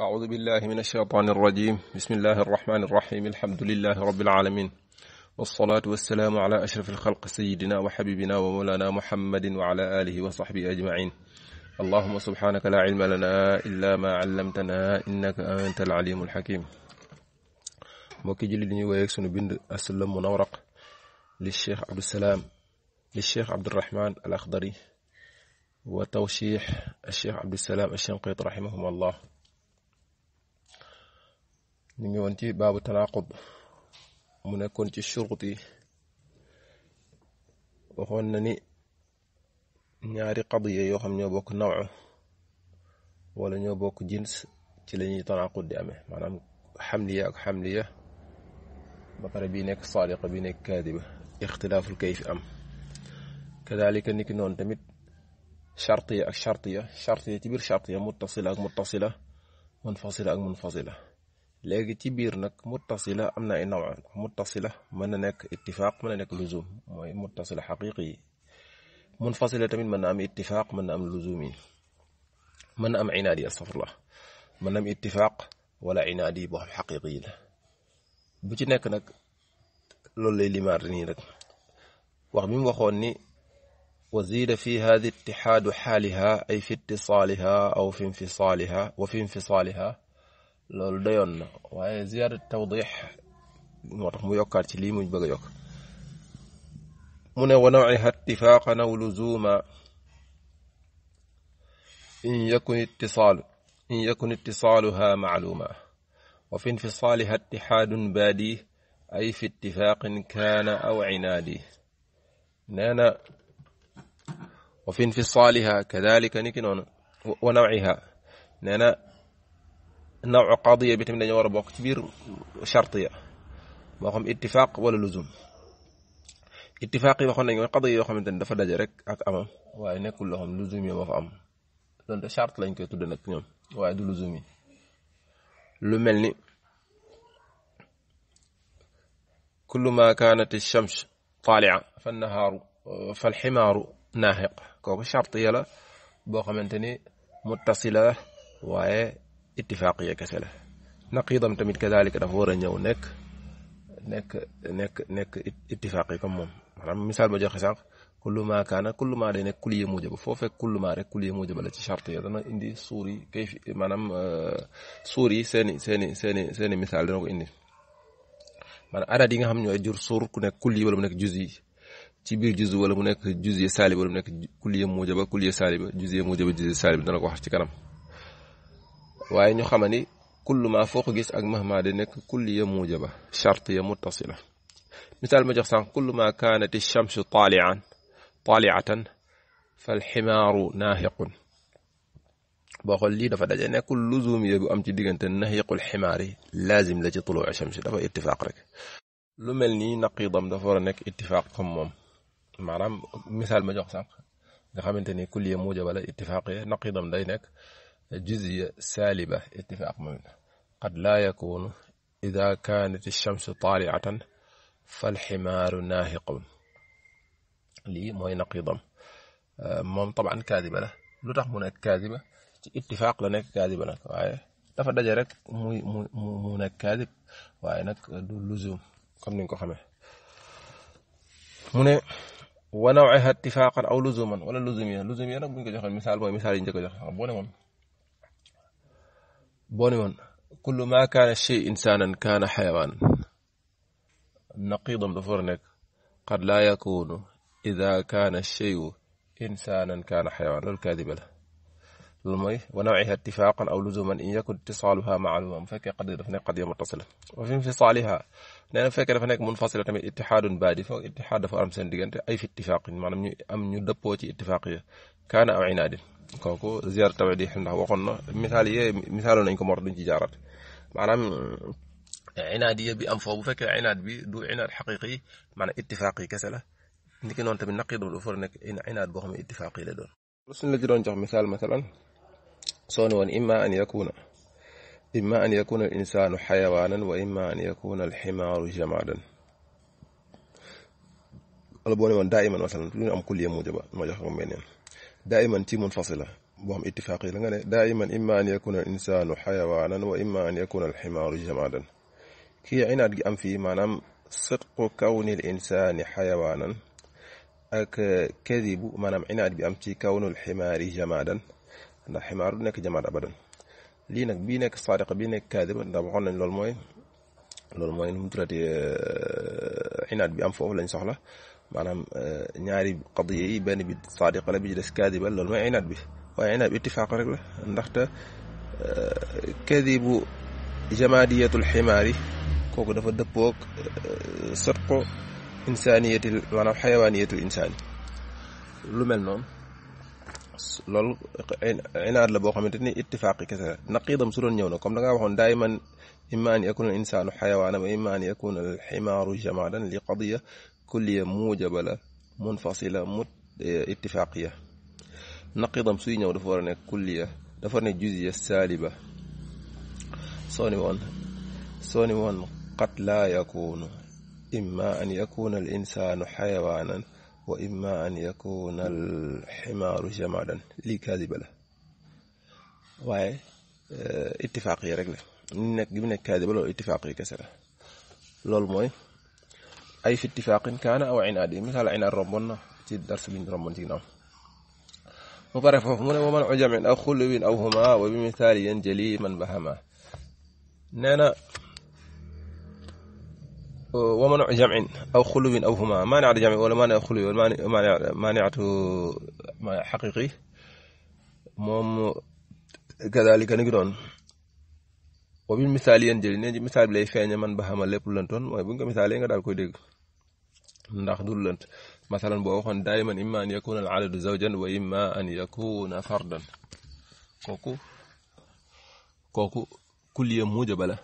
أعوذ بالله من الشيطان الرجيم بسم الله الرحمن الرحيم الحمد لله رب العالمين والصلاة والسلام على أشرف الخلق سيدنا وحبيبنا ومولانا محمد وعلى آله وصحبه أجمعين اللهم سبحانك لا علم لنا إلا ما علمتنا إنك أنت العليم الحكيم موكي julli dañuy woyeeg sunu bind aslam munawaraq للشيخ عبد abdusalaam li cheikh abdurahman الشيخ عبد السلام الشنقيط رحمهما الله ñu ngi woon ci baabu tanaqub mu nekkoon ci shurut yi waxoon na ni ñaari qadiya yoo xam ñoo bokk naw wala ñoo bokk jins ci la ñuy tanaqud di amee maanaam xamliya ak xamliya ba pare bii nekk saadiqa bii nekk kaadiba ixtilaaful kayfi am kadalika niki noonu tamit chartiya ak chartiya chartiya ci biir chartiya muttasila ak muttasila munfasila ak munfasila léegi ci biir nag muttasila am na ay naw muttasila mën na nekk ittifaaq mën na nekk luzum mooy muttasila xaqiqi yi munfasila tamit mën na am ittifaaq mën na am luzum yi mën na am inaad yi astafurlah mën na am ittifaaq wala inaad yi boo xam xaqiqi yi la bu ci nekk nag loolu lay limaar nii rek wax bi mu waxoon ni وزيد في هذا اتحاد حالها أي في اتصالها أو في انفصالها وفي انفصالها loolu dayoon na waaye ziyaara tawdix moo tax mu yokkaat ci lii mu bëgg a yokk mu ne wa nawciha ittifaaqan aw luzuuma in yakun ittisaalu in yakun ittisaaluha macluuma wa fi infisaaliha ittihaadun baadi ay fi ittifaaqin kaana aw cinaadi nee na wa fi infisaaliha kadalika niki noonu wa nawciha nee na نوع قضيه بيتم دا نوار بوك شرطيه موخم اتفاق ولا لزوم اتفاق يوخون نيو قضيه يوخم انت دا فا داجي رك اما واي نيكول لوخم لزوم يما فا ام دون دا شرط لا نكاي تود دو لزومي لو كل ما كانت الشمس طالعه فالنهار فالحمار ناهق كوب شرطيه لا بو خمنتني متصله واي اتفاقية كسلة نقيضة متمت كذلك نفورة نيو نك نك نك نك اتفاقية كموم مثلا مثال بجا خساق كل ما كان كل ما رينك كل يوم موجب فوف كل ما رك كل يوم موجب لا تشرط يا دنا عندي سوري كيف مانام آه، سوري سني سني سني سني مثال دنا عندي مان ارا ديغا خام نيو جور سور كو نك كل ولا نك جزئي تي جزء ولا نك جزئي سالب ولا نك كل يوم موجب كل يوم سالب جزئي موجب جزئي سالب دنا واخ تي waye ñu xamani kullu ma fuq gis ak mahma de nek kulli ya mujaba shart ya muttasila misal ma jox sànq kullu ma kanat ash shamsu tali'an tali'atan fal himaru nahiqun bo xol li dafa daje nekkul luzumiya bu am ci digënté nahiqul himari lazim la ci tulu' ash shamsi dafa ittifaq rek lu melni naqidam dafa wara nek ittifaq xam mom manam misal ma jox sànq nga xamanteni ni ya mujaba la ittifaq ya naqidam day nek جزية سالبة اتفاق منه قد لا يكون إذا كانت الشمس طالعة فالحمار ناهق لي موي نقيضة آه، مم طبعا كاذبة له لتخ منك كاذبة اتفاق لنا كاذبة لك دفع دجارك موي موي موي منك كاذب وعينك دو لزوم كم نينكو خمي مني ونوعها اتفاقا او لزوما ولا لزوميا لزوميا نك بنكو جخل مثال بوي مثال ينجكو جخل بوني مم بونيون كل ما كان الشيء إنسانا كان حيوانا نقيض بفرنك قد لا يكون إذا كان الشيء إنسانا كان حيوانا الكاذب له للمي ونوعها اتفاقا او لزوما ان يكن اتصالها معلوما فك قد دفنك قد متصلة وفي انفصالها لان فك هناك منفصلة تم اتحاد باد اتحاد فارم سنديغنت اي في اتفاق ما ام ني دبو اتفاقيه كان او عناد كوكو زياره توعدي حنا وقلنا مثال مثال نكو مر دنج جارات معنام عنادية بأم فوق فك عناد بي دو عناد حقيقي معنى اتفاقي كسلة نكي نون تبي نقيد الأفر نك إن عناد بهم اتفاقي لدون لسن لجرون جاء مثال مثلا صنوا إما أن يكون إما أن يكون الإنسان حيوانا وإما أن يكون الحمار جمادا البوني من دائما مثلا تقولين أم كل يوم جبا ما جاكم منين دائما تي منفصلة بهم اتفاقي دائما إما أن يكون الإنسان حيوانا وإما أن يكون الحمار جمادا كي عناد أم في نم صدق كون الإنسان حيوانا أك كذب نم عناد بأم تي كون الحمار جمادا ndax ximaar du nekk jamaat abadan lii nag bii nekk sadiq bii nekk kaadiba ndax waxoon nañ loolu mooy loolu mooy nu mu tuddati inaat bi am foofu lañ soxla maanaam ñaari qadiya yi benn bi sadiq la bi ci des kaadiba loolu mooy inaat bi waaye inaat bi ittifaaq rek la ndaxte kaadibu jamaadiyatu ximaar yi kooku dafa dëppoog sotqo insaaniyatil maanaam xayawaaniyatul insaani lu mel noonu lol inaad la bo xamanteni ni ittifaaqi kese la naqiidam su doon ñëw na comme da ngaa waxoon daayiman imma an yakuna al insaanu xayawaana wa imma an yakuna al himaru jamalan li qadiya kulliya mujabala munfasila mut ittifaaqiya naqiidam suy ñëw dafa war a nekk dafa war a nekk juziya saaliba soni won woon soo ni qad laa yakuunu imma an yakuna al insanu hayawanan وإما أن يكون الحمار جمالا لي كاذب له واي آه، اتفاقية رجلة نك جبنا كاذب له اتفاقية كسرة لول موي أي في اتفاق كان أو عنادي مثال عنا الرمبنا في الدرس بين رمبنا تينا مبارف فهمنا ومن عجم أو خلوين أو هما وبمثال ينجلي من بهما نانا ومنع جمع او خلو او هما مانع جمع ولا مانع خلو ولا مانع مانع مانع حقيقي موم كذلك نقدون وبين مثال ينجل نجي مثال بلاي فاني من بهما لب لنتون موي بونك مثال ينجل دال كوي ديغ نداخ دول لنت مثلا بو وخون دائما اما ان يكون العدد زوجا واما ان يكون فردا كوكو كوكو كل يوم موجب له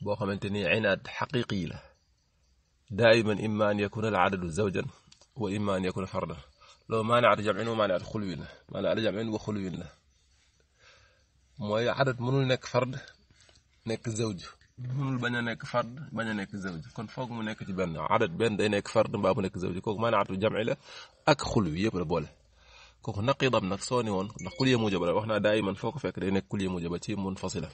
بو خامتني عناد حقيقي له دائما إما أن يكون العدد زوجا وإما أن يكون حرة لو ما نعرف جمعين وما نعرف خلوين له ما نعرف جمعين وخلوين له موي عدد منو نك فرد نك زوج منو بنا نك فرد بنا نك زوج كون فوق مو نك بن عدد بين داي نك فرد بابو نك زوج كوك ما نعرف جمع له اك خلو ييب لا بوله كوك نقيضه نك سوني هون نقول يا موجب واخنا دائما فوق فك نك كل يوم موجب منفصله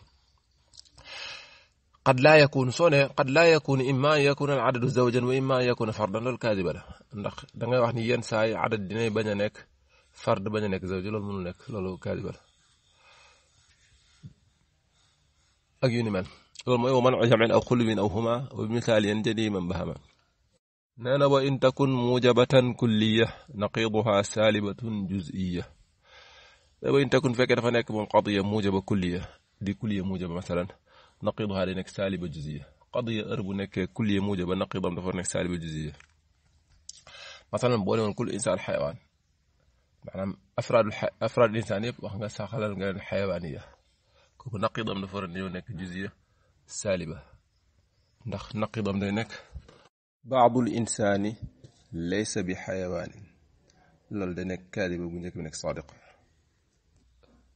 قد لا يكون سونة قد لا يكون إما يكون العدد زوجا وإما يكون فردا للكاذبة ندخ دعنا وحني ينساي عدد ديني بنيك فرد بنيك زوج لول منو نك كاذبة أجيني من لول مي ومن عجم أو كل من أو هما وبمثال ينجدي من بهما نانا وإن تكن موجبة كلية نقيضها سالبة جزئية وإن تكن فكرة فنك من قضية موجبة كلية دي كلية موجبة مثلاً نقيضها لنك سالب الجزئية قضية قرب نك كل موجبة نقيضة بتفر أنك سالب الجزئية مثلا بقول من كل إنسان حيوان معنى أفراد الح... أفراد الإنسانية وخنا ساخلا من الحيوانية كوكو نقيضة بتفر نك جزئية سالبة نخ نقيضة أنك بعض الإنسان ليس بحيوان loolu da nekk kaadiba bu njëkk bi nekk sadiq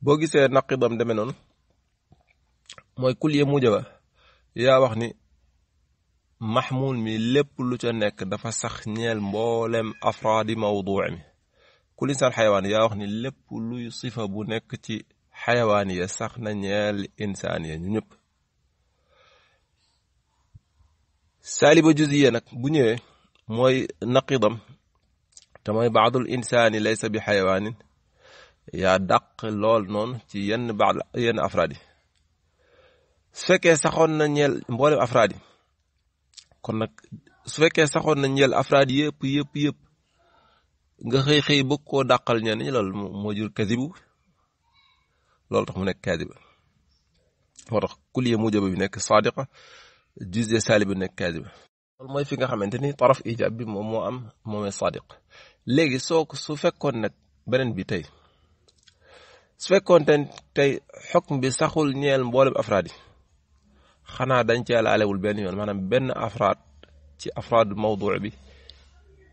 boo gisee mooy kulliya mujaba ya wax ni maxmuul mi lépp lu ca nek dafa sax ñeel mbollem afrad mawduu mi kul insan hayawan ya wax ni lépp lu sifa bu nek ci hayawan ya sax na ñeel insaan ya ñu ñëpp saaliba juziya nak bu ñewé moy naqidam ta moy ba'd al-insani laysa bi hayawan ya dàq lol non ci yenn ba'd yenn afradi su fekkee saxoon na ñeel mboolem afraad yi kon nag su fekkee saxoon na ñeel afraad yëpp yëpp yëpp nga xëy xëy bëgg koo dàqal ñenn ñi loolu moo jur kadibu loolu tax mu nekk kasiba moo tax kuliya mujaba bi nekk sadiqa juzde saali bi nekk kasiba loolu mooy fi nga xamante ni taraf ijab bi moom moo am moomee sadiq léegi soo su fekkoon nag beneen bi tey su fekkoon tey xukm bi saxul ñeel mboolem afraad yi خنا دنجي على علي البن مانام بن افراد تي افراد الموضوع بي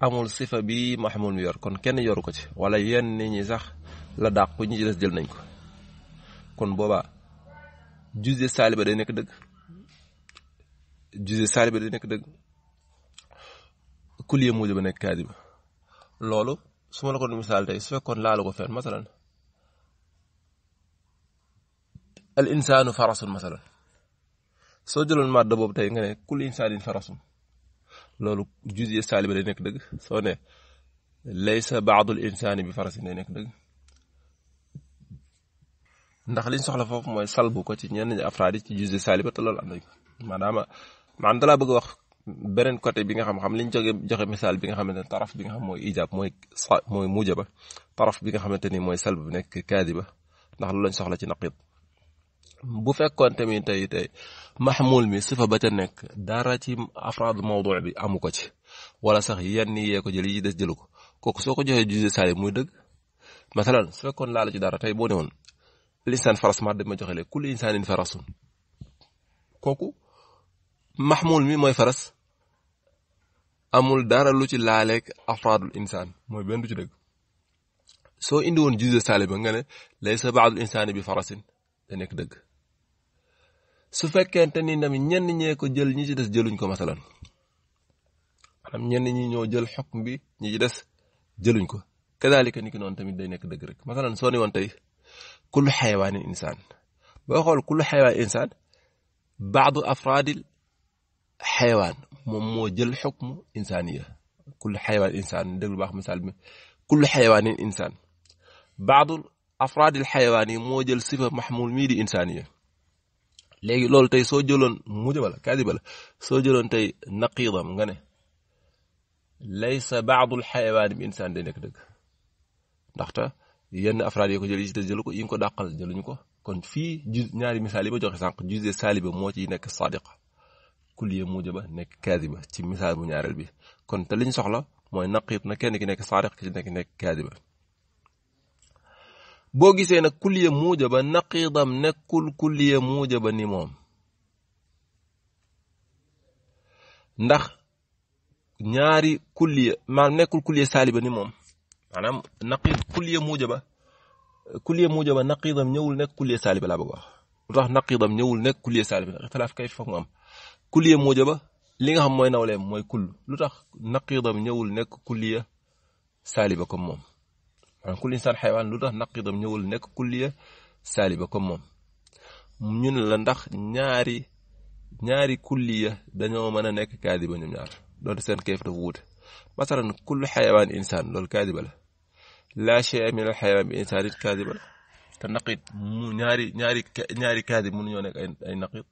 امول صفه بي محمول يور كون كين يورو كو ولا يين ني ني صاح لا داكو ني ديس ديل نانكو كون بوبا جوزي سالبه دا نيك دغ جوزي سالبه دا نيك دغ كليه موجب نيك كاذب لولو سوما لا كون مثال تاي سو كون لالو فين مثلا الانسان فرس مثلا soo jëloon màdd boobu tey nga ne kul insaanin fa rasum loolu jusiye saaliba day nekk dëgg soo ne laysa baadul insaani bi farasin day nekk dëgg ndax liñ soxla foofu mooy salbu ko ci ñenn ñi afraad yi ci jusiye saaliba te loolu am nañ ko maanaam maanaam dalaa bëgg wax beneen côté bi nga xam xam liñ joge joxe misaal bi nga xamante ne taraf bi nga xam mooy ijab mooy sa mooy mujaba taraf bi nga xamante ni mooy salbu bi nekk kaadiba ndax loolu lañ soxla ci naqib bu fekkoon tamit tey tey maxmul mi sifa ba ca nekk daara ci afraad mawdu bi amu ko ci wala sax yenn yee ko jël yi des jëlu ko kooku soo ko joxee juge saali muy dëgg masalan su fekkoon laalu ci dara tey boo ne woon linsaan faras ma dama joxe leen kulli insaanin farasun kooku maxmul mi mooy faras amul dara lu ci laaleeg afraadul insaan mooy benn du ci dëgg soo indi woon juge nga ne laysa baadul insaani bi farasin da nekk dëgg su fekkente ni tamit ñenn ñee ko jël ñi ci des jëluñ ko masalan maanaam ñenn ñi ñoo jël xukm bi ñi ci des jëluñ ko kadaalika ni ki noonu tamit day nekk dëgg rek masalan soo ni woon tey kullu xayawaanin insaan boo xool kullu xayawaan insaan baadu afraadil xayawaan moom moo jël xukmu insaaniya kullu xayawaan insaan déglu baax misaal bi kullu xayawaanin insaan baadu afraadil xayawaan yi moo jël sifa maxmuul mii di insaaniya léegi loolu tey soo jëloon mujaba la kaadiba la soo jëloon tey naqiidam nga ne laysa baadu lxayawaan bi insaan day nekk dëgg ndaxte yenn afraad yi ko jël yi te jëlu ko yi nga ko dàqal jëluñu ko kon fii ju ñaari misaal yi ma joxe sànq juse saaliba moo ciy nekk sadiqa kulliya mujaba nekk kaadiba ci misaal bu ñaareel bi kon te liñ soxla mooy naqiit na kenn ki nekk sadiq ki nekk nekk kaadiba boo gisee nag kulliya muujaba naqiidam nekkul kulliya muujaba ni moom ndax ñaari kulliya maanaam nekkul kulliya saaliba ni moom maanaam naqiid kulliya muujaba kulliya muujaba naqiidam ñëwul nekk kulliya saaliba laa bëgg wax lu tax naqiidam ñëwul nekk kulliya saaliba ixtilaaf kay foog mu am kulliya muujaba li nga xam mooy nawleem moy kull lu tax naqiidam ñëwul nekk kulliya saaliba comme moom كل انسان حيوان لو داه نقي دام نيول نيك كليه سالبه كوم موم نين لا نداخ نياري نياري كليه دانيو مانا نيك كاذبه نيم نيار دون سين كيف دو ووت مثلا كل حيوان انسان لول كاذبه لا لا شيء من الحيوان بانسان كاذبه تنقيد نياري نياري نياري كاذب من نيو نيك اي نقيد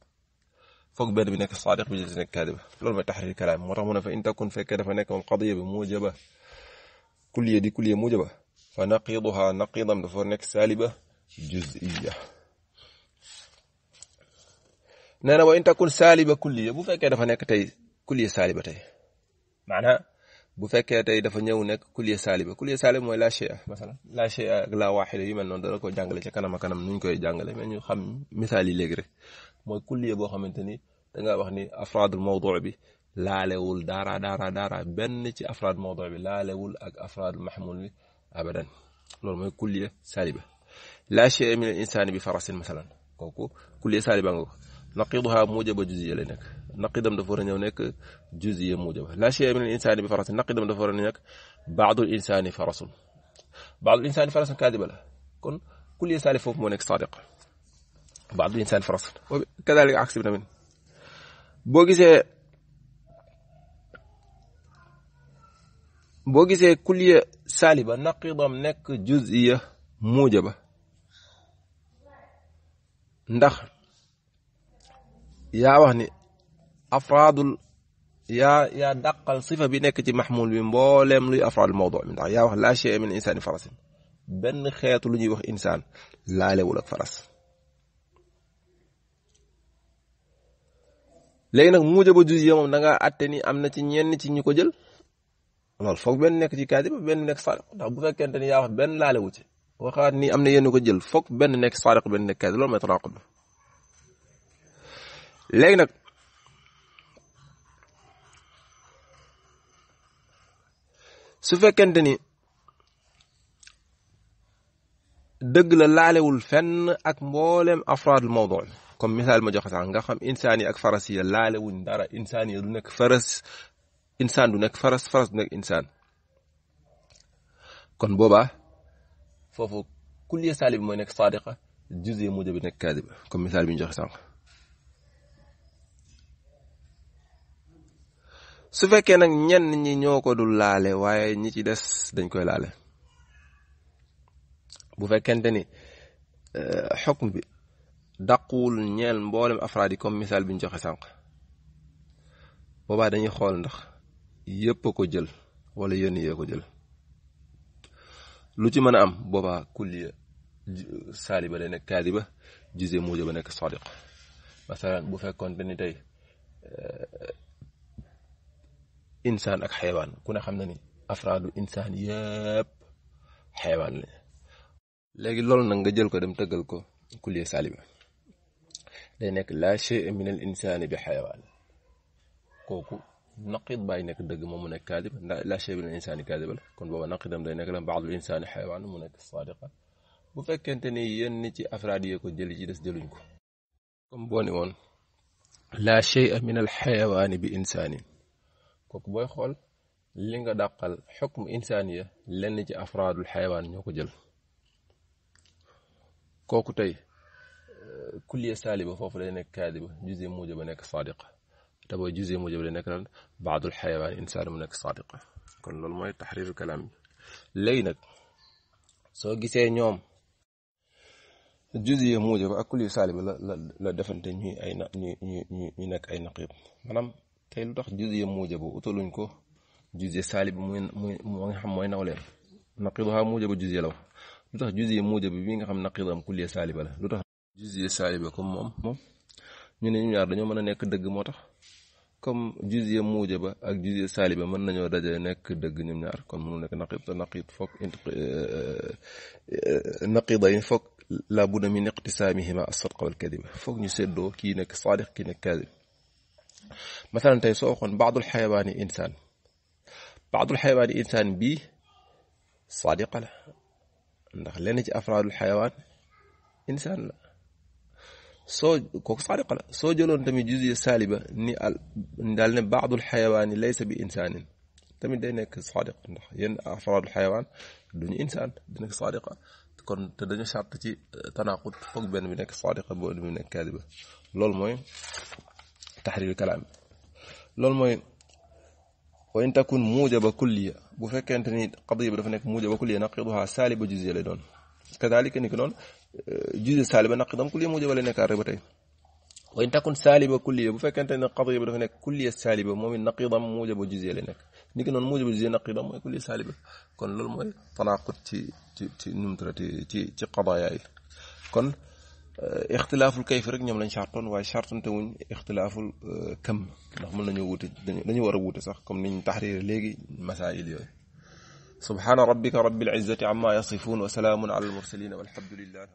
فوق بين بينك صادق بجلس انك كاذبه لول ما تحرير الكلام مرمونا فان تكون فكره فنك القضيه بموجبه كليه دي كليه موجبه فنقيضها نقيضا من فورنيك سالبة جزئية نانا وإن تكون سالبة كلية بفاكة دفنك تي كلية سالبة تي معنى بفاكة تي دفنيو نك كلية سالبة كلية سالبة لا شيء مثلا لا شيء لا واحد يمن نون دلوكو جانجلي كان ما كان من ينكو جانجلي من يخم مثالي لغري موي كلية بو خمنتني تنغا بخني أفراد الموضوع بي لا لول دارا دارا دارا بنتي أفراد الموضوع بي لا لول أك أفراد المحمول بي abadan loolu mooy kulliya saaliba laa chey min al insaani bi farasin masalan kooku kulliya saaliba nga ko naqiduha mujaba juziya lay nekk naqidam dafa war a ñëw nekk juziya mujaba laa chey min al insaani bi farasin naqidam dafa war a nekk baadul insaani farasun baadul insaani farasun kaadiba la kon kulliya saalib foofu moo nekk sadiq baadul insaani farasun kadalika aksi bi tamit boo gisee boo gisee kulliya saaliba naqidam nekk juziya muujaba ndax yaa wax ni afraadul yaa yaa dàqal sifa bi nekk ci maxmul bi mbooleem luy afraadul mawdu bi ndax yaa wax laa shay min insaani farasin benn xeetu lu ñuy wax insaan laalewul ak faras léegi nag muujaba juziya moom da nga ni am na ci ñenn ci ñu ko jël lol foog ben nek ci kaadib ben nek saadiq ndax bu fekkente ya wax ben laale wu waxat ni amna yene ko jël foog ben nek saadiq ben nek kadi lol ma tanaaqud ba nak su fekkente deug la la wul fenn ak mbollem mboolem al mawdu comme misal ma joxata nga xam insani ak farasiya wuñ dara insani du nek faras insaan du nekk faras faras du nekk insaan kon boobaa foofu kulliya saali bi mooy nekk saadiqa juziya mujj bi nekk kaadiba comme misaal bi ñu joxe sànq su fekkee nag ñenn ñi ñoo ko dul laale waaye ñi ci des dañ koy laale bu fekkente ni eh, xukm bi dàquwul ñeel mboolem afraad yi comme bi ñu joxe sànq boobaa dañuy xool ndax yépp a ko jël wala yenn yee ko jël lu ci mën a am boobaa kulliya saaliba day nekk kaadiba juse muuja ba nekk sadiq masalan bu fekkoonte ni tey eh, insaan ak xeewaan ku ne xam na ni afraadu insaan yépp xeewaan la léegi loolu nag nga jël ko dem tëggal ko kulliya ba. day nekk laa shay min al insaani bi xeewaan kooku نقيض باي نيك دغ مو نيك كاذب لا شيء من الانسان كاذب كون بابا نقيضم داي نيك بعض الانسان حيوان مو نيك صادقه بو فكنتني يني تي افراد يكو جيلي جي دس جيلو نكو كوم بوني وون لا شيء من الحيوان بانسان كوك بوي خول ليغا داخال حكم انسانيه لين تي افراد الحيوان نيوكو جيل كوكو تاي كليه سالبه فوفو داي نيك كاذب جزء موجب نيك صادقه te booy juzé mu jëm di nekk lan baadul xayawaan insaan mu nekk saadiq kon loolu mooy taxriiru kalaam bi léegi nag soo gisee ñoom juzé mu jëm ak kulli saalib la la la defante ñuy ay na ñu ñu ñu nekk ay naqiib maanaam tey lu tax juzé mu jëm utaluñ ko juzé saalib muy muy moo nga xam mooy nawleen naqiibu xaa mu jëm juzé la lu tax juzé mu jëm bi nga xam naqiibam kulli saaliba la lu tax juzé saaliba comme moom moom ñu ne ñu ñaar dañoo mën a nekk dëgg moo tax. comme juzya muuja ak juzya saaliba mën nañoo daje nekk dëgg ñoom ñaar kon mënu nekk naqid te naqid foog naqida yi foog la budda min iqtisamihima as-sidqa wal kadiba foog ñu seddoo kii nekk saadiq kii nekk kadib مثلا تي سو خون بعض الحيوان انسان بعض الحيوان انسان بي صادق لا ndax lenn ci afraadul xayawaan insaan la سوج كوك سارق لا سوج لون تمي جزية سالبة ني ال دالنا بعض الحيوان ليس بإنسان تمي دينك صادق ين أفراد الحيوان دون إنسان دينك صادقة تكون تدني شرط تي تناقض فوق بين منك صادقة بين منك كاذبة لول موي تحرير الكلام لول موي وإن تكون موجبة كلية بفكر أنت قضية بفكر موجبة كلية نقضها سالبة جزية لدون كذلك نكون جزء سالب نقدام كلية موجبة لنا كاربة وإن تكون سالبة كلية بفكرة أن القضية بدها هناك كلية سالبة مو من نقيضة موجبة جزء لنا نيجي نون موجبة جزء نقيضة مو كلية سالبة كن لول مو تناقض تي تي نمترة تي تي تي قضايا كن اختلاف الكيف رك نعمل شرط واي شرط تون اختلاف الكم نعمل نيو وود نيو وود صح كم نين تحرير ليجي مسائل يوي سبحان ربك رب العزة عما يصفون وسلام على المرسلين والحمد لله